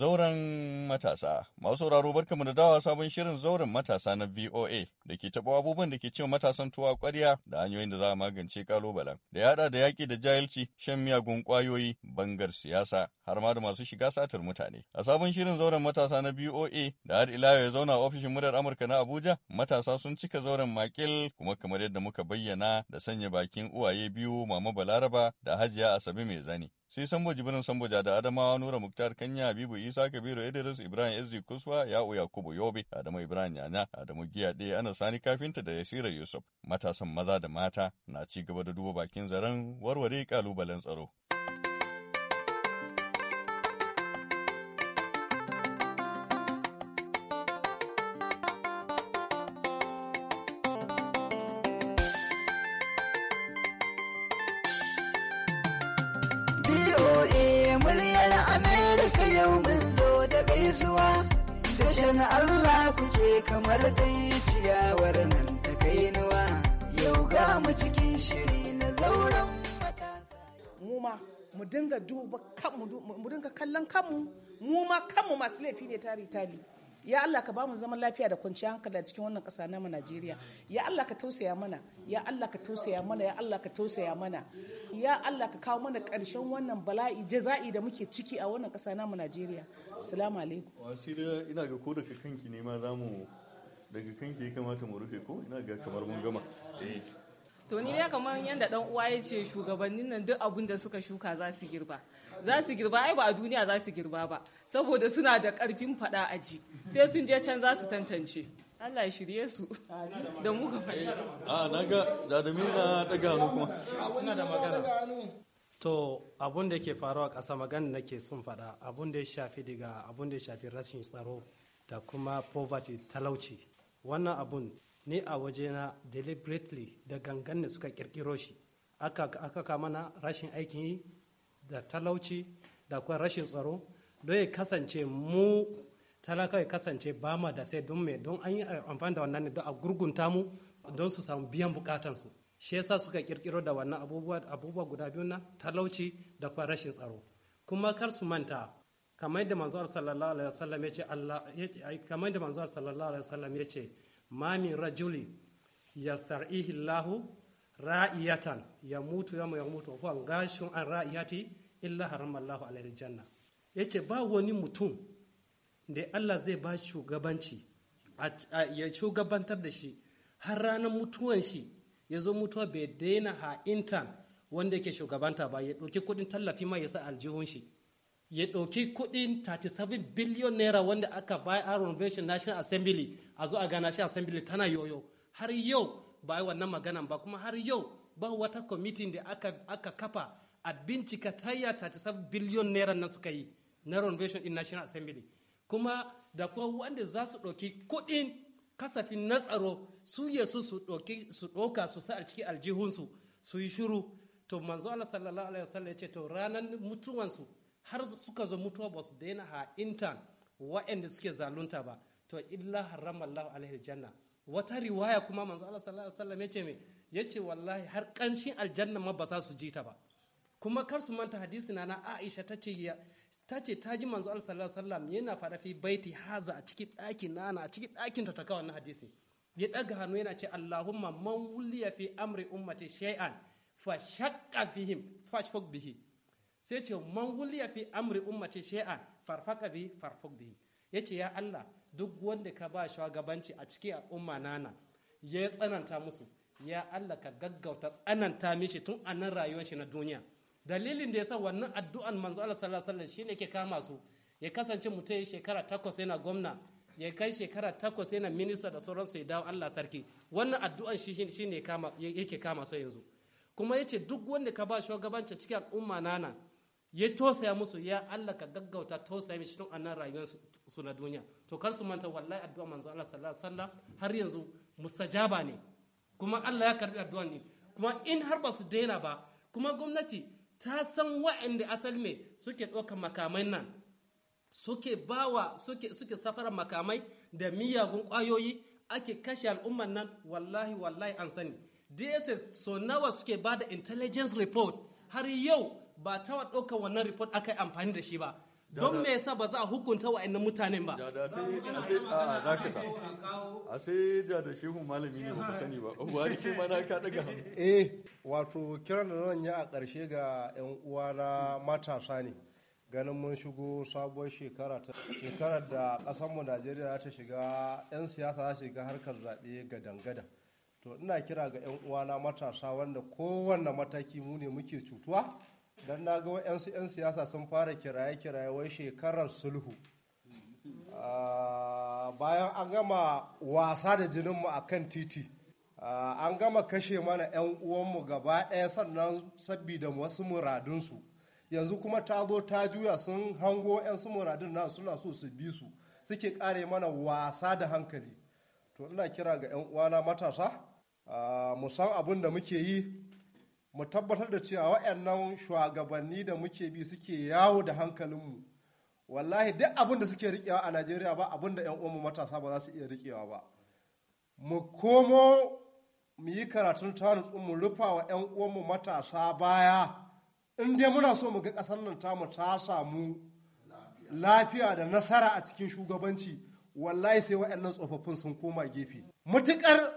Zauren matasa. Masu sauraro barkamu da dawa sabon shirin zauren matasa na VOA da ke taɓa abubuwan da ke cewa matasan tuwa ƙwarya da hanyoyin da za a magance kalubalen. Da ya da yaƙi da jahilci, shan miyagun ƙwayoyi, bangar siyasa, har ma da masu shiga satar mutane. A sabon shirin zauren matasa na VOA da har ila ya zauna a ofishin muryar Amurka na Abuja, matasa sun cika zauren makil kuma kamar yadda muka bayyana da sanya bakin uwaye biyu Mama Balaraba da Hajiya Asabe mai zani. sai sambo jibirin samboja da adamawa nura muktar kanya habibu isa kabiru idris ibrahim ezi kuswa ya'u yakubu yobe adamu ibrahim yana adamu giya ɗaya ana sani kafinta da yasira yusuf matasan maza da mata na ci gaba da duba bakin zaren warware kalubalen tsaro sashen Allah kuke kamar dai ciyawar nan ta nuwa yau ga mu cikin shiri na zauren matasa. mu dinga duba kanmu mu dinga kallon kanmu mu ma kanmu masu laifi ne tari tari. ya Allah ka bamu zaman lafiya da kwanciyar hankali a cikin wannan ƙasa namu Najeriya ya Allah ka tausaya mana ya Allah ka tausaya mana ya Allah ka tausaya mana ya Allah ka kawo mana ƙarshen wannan bala'i jaza'i da muke ciki a wannan ƙasa namu Najeriya assalamu alaikum wasira ina ga ko daga kanki ne ma zamu daga kanki ya kamata mu rufe ko ina ga kamar mun gama eh to ni dai kamar yadda dan uwa ya ce shugabannin nan duk abin da suka shuka za su girba za su girba ai ba a duniya za su girba ba saboda suna da karfin fada a ji sai sun je can za su tantance Allah ya shirye su da mu gaba a na ga na daga hannu kuma suna da magana to abun da ke faruwa ƙasa magana nake sun fada abun da ya shafi daga abun da ya shafi rashin tsaro da kuma poverty talauci wannan abun ne a wajena deliberately da gangan ne suka kirkiro shi aka kama na rashin aikin yi da talauci da kuma rashin tsaro don ya kasance mu talaka ya kasance ba ma da sai don me don an yi amfani da wannan ne don a gurgunta mu don su samu biyan bukatansu shi yasa suka kirkiro da wannan abubuwa guda biyu na talauci da kuma rashin tsaro kuma kar su manta kamar yadda manzo sallallahu alaihi wasallam yace Allah kamar yadda manzo sallallahu alaihi wasallam yace ma min rajuli yasarihi Allahu ra'iyatan yamutu yawma yamutu huwa an ra'iyati illa haram Allahu alaihi janna yace ba wani mutum da Allah zai ba shugabanci ya shugabantar da shi har ranar mutuwan shi ya zo mutuwa bai daina ha'intan wanda yake shugabanta ba ya ɗauki kuɗin tallafi ma ya sa aljihun shi ya ɗauki kuɗin 37 biliyon naira wanda aka bayar a renovation national assembly a zo a ga national assembly tana yoyo har yau ba yi wannan maganan ba kuma har yau ba wata committee da aka, aka kafa a bincika tayya 37 biliyon naira nan suka yi na renovation in national assembly kuma da kuma wanda za su ɗauki kuɗin kasafin na tsaro su yesu su ɗauka su sa a cikin aljihunsu su yi shuru to manzo Allah sallallahu alaihi wasallam ya ce to ranar mutuwansu har suka zo mutuwa ba su daina ha intan wa'anda suke zalunta ba to illa haram Allah alaihi janna wata riwaya kuma manzo Allah sallallahu alaihi wasallam yace me yace wallahi har kanshin aljanna ma ba za su ji ta ba kuma kar su manta hadisi na Aisha tace tace ta ji manzo Allah sallallahu alaihi wasallam yana faɗa fi baiti haza a cikin daki nana a cikin dakin ta ta na wannan hadisi ya daga hannu yana ce Allahumma mawliya fi amri ummati shay'an fa shaqqa fihim fashfaq bihi sai ce man wuliya fi amri ummati shay'an farfaka bi farfuk bi yace ya Allah duk wanda ka ba shugabanci a cikin al'umma nana ya tsananta musu ya Allah ka gaggauta tsananta mishi tun a nan rayuwar shi na duniya dalilin da yasa wannan addu'an manzo Allah sallallahu alaihi wasallam shine ke kama su ya kasance mutum ya shekara takwas yana gwamna ya kai shekara takwas yana minista da sauransu ya dawo Allah sarki wannan addu'an shi shine kama yake kama su yanzu kuma yace duk wanda ka ba shugabanci cikin al'umma nana ya tosaya musu ya Allah ka gaggauta tosaya mishi shirin annan rayuwar su na duniya to kar su manta wallahi addu'a manzo Allah sallallahu alaihi wasallam har yanzu mustajaba ne kuma Allah ya karbi addu'an ne kuma in har ba su daina ba kuma gwamnati ta san wa'anda asali ne suke ɗaukar makamai nan suke bawa suke suke safarar makamai da miyagun ƙwayoyi ake kashe al'umman nan wallahi wallahi an sani DSS so nawa suke ba da intelligence report har yau ba ta wa ɗaukar wannan report aka yi amfani da shi ba don me yasa ba za a hukunta wa wa'annan mutanen ba a sai da da shehu malami ne ba sani ba buhari ke mana ka daga eh wato kiran da nan ya a ƙarshe ga yan uwa na matasa ne ganin mun shigo sabuwar shekara ta shekarar da ƙasarmu Najeriya ta shiga yan siyasa za shiga harkar zaɓe ga gadan to ina kira ga yan uwa matasa wanda kowanne mataki mu ne muke cutuwa don na ga wa'yansu 'yan siyasa sun fara kiraye-kiraye wai shekarar sulhu ah, bayan an gama wasa da jininmu a kan titi ah, an gama kashe mana 'yan uwanmu gaba ɗaya sannan sabida wasu muradunsu yanzu kuma ta zo ta juya sun hango 'yan su muradun na suna so su bi su suke kare mana wasa da hankali to ina kira ga 'yan uwana matasa ah, mu san abin da muke yi mu tabbatar da cewa wa'annan shugabanni da muke bi suke yawo da hankalinmu wallahi duk abin da suke riƙewa a najeriya ba abin da 'yan uwanmu matasa ba za su iya riƙewa ba mu komo mu yi karatun tanus mu rufa wa 'yan uwanmu matasa baya in dai muna so mu ga ƙasar nan tamu ta samu lafiya da nasara a cikin shugabanci wallahi sai waɗannan tsofaffin sun koma gefe mutuƙar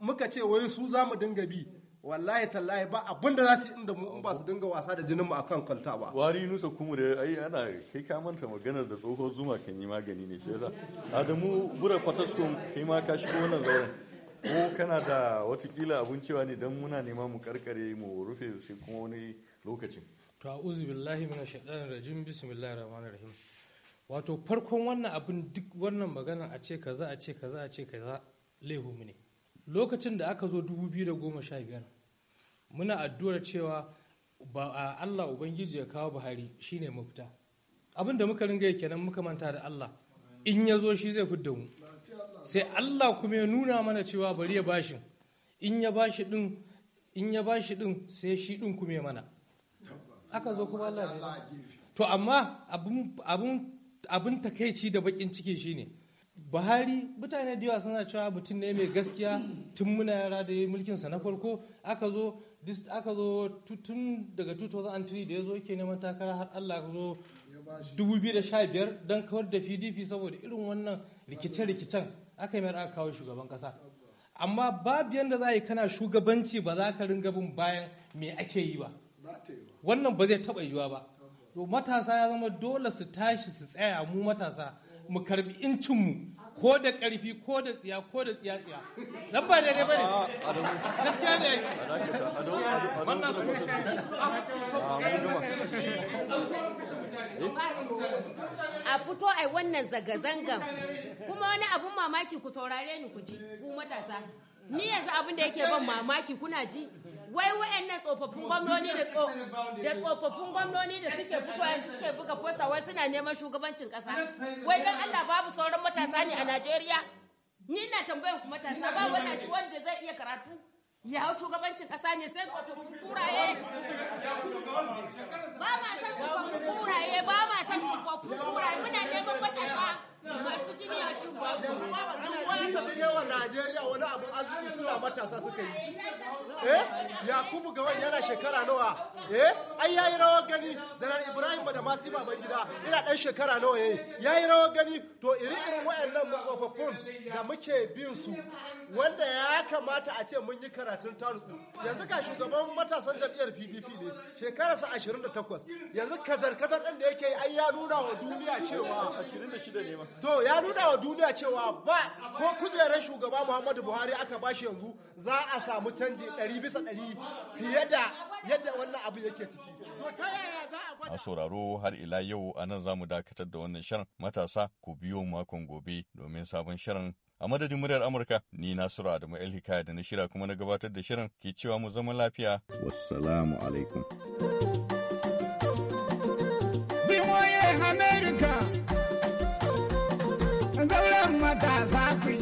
muka ce wai su za mu dinga bi wallahi tallahi ba abin da za su inda mu ba su dinga wasa da jinin mu akan kwalta ba wari nusa kuma da ai ana kai ka manta maganar da tsohon zuma kan yi magani ne shi Adamu bura kwataskun kai ma ka shigo wannan zauren ko kana da watakila abun cewa ne don muna neman mu karkare mu rufe shi kuma wani lokacin to a'udhu billahi minash shaitanir rajim bismillahir rahmanir rahim wato farkon wannan abin duk wannan magana a ce kaza a ce kaza a ce kaza laihu ne lokacin da aka zo 2015 muna addu'ar cewa ba a Allah Ubangiji ya kawo Buhari shine mafita abin da muka ringa kenan muka manta da Allah in ya zo shi zai fidda mu sai Allah kuma ya nuna mana cewa bari ya bashi in ya bashi din in ya bashi din sai shi din kuma ya mana aka zo kuma Allah to amma abin abin takeici da bakin ciki shine buhari mutane da yawa suna cewa mutum ne mai gaskiya tun muna yara da ya mulkin sa na farko aka zo aka zo tun daga 2003 da ya zo ke neman takara har allah ka zo 2015 don kawar da pdp saboda irin wannan rikice-rikicen aka yi aka kawo shugaban kasa amma babu yadda za a yi kana shugabanci ba za ka ringa bin bayan me ake yi ba wannan ba zai taɓa yiwa ba to matasa ya zama dole su tashi su tsaya mu matasa mu karbi incinmu ko da ƙarfi ko da tsiya ko da tsiya tsiya nan ba daidai ba ne ah, ne ah, eh? a fito ai wannan zanga-zangan kuma wani abun mamaki ku saurare ni ku ji ku matasa ni yanzu abin da yake ban mamaki kuna ji wai wa'annan tsofaffin gwamnoni da tsofaffin gwamnoni da suke fito yanzu suke buga fosta wai suna neman shugabancin kasa wai dan Allah babu sauran matasa ne a Najeriya ni na tambayan ku matasa ba wanda shi wanda zai iya karatu ya shugabancin kasa ne sai tsofaffin kura Najeriya wani abu arziki suna matasa suka yi. Eh, Yakubu wani yana shekara nawa? Eh, ai yayi rawar gani da Ibrahim da masu baban gida ina dan shekara nawa yayi. Yayi rawar gani to iri irin wayannan matsofaffin da muke bin su wanda ya kamata a ce mun yi karatun tarihi Yanzu ga shugaban matasan jam'iyyar PDP ne sa 28 yanzu kazar kazar din da yake yi ai ya nuna wa duniya cewa 26 ne ma. To ya nuna wa duniya cewa ba ko kujerar shugaba muhammadu buhari aka bashi yanzu za a samu canji ɗari bisa ɗari fiye da yadda wannan abu yake ciki a sauraro har ila yau a nan za mu dakatar da wannan shirin matasa ku biyo makon gobe domin sabon shirin a madadin muryar amurka ni nasiru adamu el hikaya da na shira kuma na gabatar da shirin ke cewa mu zama lafiya wassalamu alaikum America, zauren matasa my